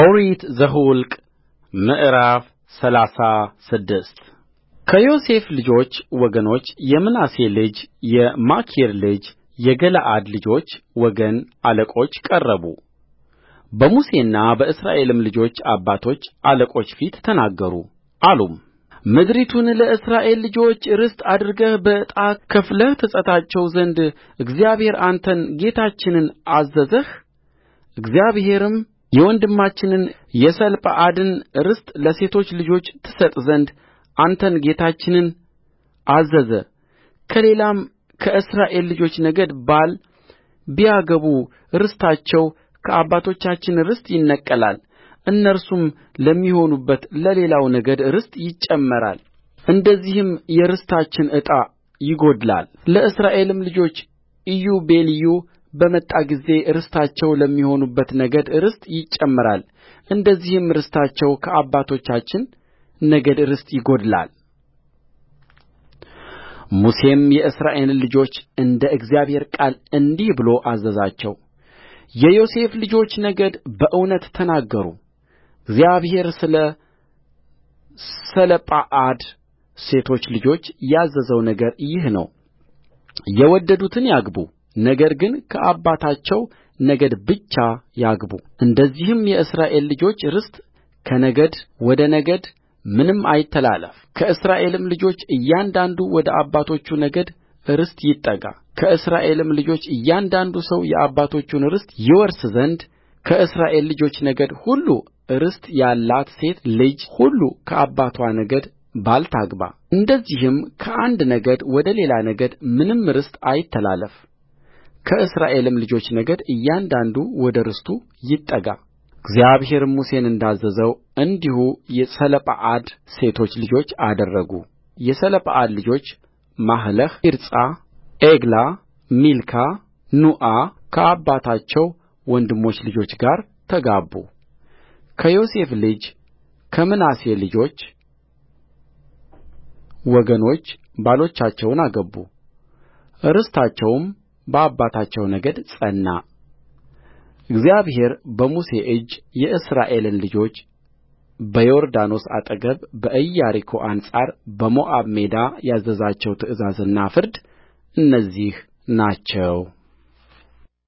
ኦሪት ዘኍልቍ ምዕራፍ ሰላሳ ስድስት ከዮሴፍ ልጆች ወገኖች የምናሴ ልጅ የማኪር ልጅ የገለዓድ ልጆች ወገን አለቆች ቀረቡ በሙሴና በእስራኤልም ልጆች አባቶች አለቆች ፊት ተናገሩ አሉም ምድሪቱን ለእስራኤል ልጆች ርስት አድርገህ በዕጣ ከፍለህ ትሰጣቸው ዘንድ እግዚአብሔር አንተን ጌታችንን አዘዘህ እግዚአብሔርም የወንድማችንን የሰለጰዓድን ርስት ለሴቶች ልጆቹ ትሰጥ ዘንድ አንተን ጌታችንን አዘዘ ከሌላም ከእስራኤል ልጆች ነገድ ባል ቢያገቡ ርስታቸው ከአባቶቻችን ርስት ይነቀላል እነርሱም ለሚሆኑበት ለሌላው ነገድ ርስት ይጨመራል እንደዚህም የርስታችን ዕጣ ይጐድላል ለእስራኤልም ልጆች ኢዮቤልዩ በመጣ ጊዜ ርስታቸው ለሚሆኑበት ነገድ ርስት ይጨመራል እንደዚህም ርስታቸው ከአባቶቻችን ነገድ ርስት ይጐድላል ሙሴም የእስራኤልን ልጆች እንደ እግዚአብሔር ቃል እንዲህ ብሎ አዘዛቸው የዮሴፍ ልጆች ነገድ በእውነት ተናገሩ እግዚአብሔር ስለ ሰለጳአድ ሴቶች ልጆች ያዘዘው ነገር ይህ ነው የወደዱትን ያግቡ ነገር ግን ከአባታቸው ነገድ ብቻ ያግቡእንደዚህም የእስራኤል ልጆች ርስት ከነገድ ወደ ነገድ ምንም አይተላለፍ ከእስራኤልም ልጆች እያንዳንዱ ወደ አባቶቹ ነገድ ርስት ከእስራኤልም ልጆች እያንዳንዱ ሰው የአባቶቹን ርስት ይወርስ ዘንድ ከእስራኤል ልጆች ነገድ ሁሉ ርስት ያላት ሴት ልጅ ሁሉ ከአባትዋ ነገድ ባል ታግባእንደዚህም ከአንድ ነገድ ወደ ሌላ ነገድ ምንም ርስት አይተላለፍ ከእስራኤልም ልጆች ነገድ እያንዳንዱ ወደ ርስቱ ይጠጋእግዚአብሔርም ሙሴን እንዳዘዘው እንዲሁ የሰለጰዓድ ሴቶች ልጆች አደረጉ። የሰለጰዓድ ልጆች ማህለህ ቲርጻ ዔግላ ሚልካ ኑዓ ከአባታቸው ወንድሞች ልጆች ጋር ተጋቡ ከዮሴፍ ልጅ ከምናሴ ልጆች ወገኖች ባሎቻቸውን አገቡ ርስታቸውም በአባታቸው ነገድ ጸና እግዚአብሔር በሙሴ እጅ የእስራኤልን ልጆች በዮርዳኖስ አጠገብ በኢያሪኮ አንጻር በሞዓብ ሜዳ ያዘዛቸው ትእዛዝና ፍርድ እነዚህ ናቸው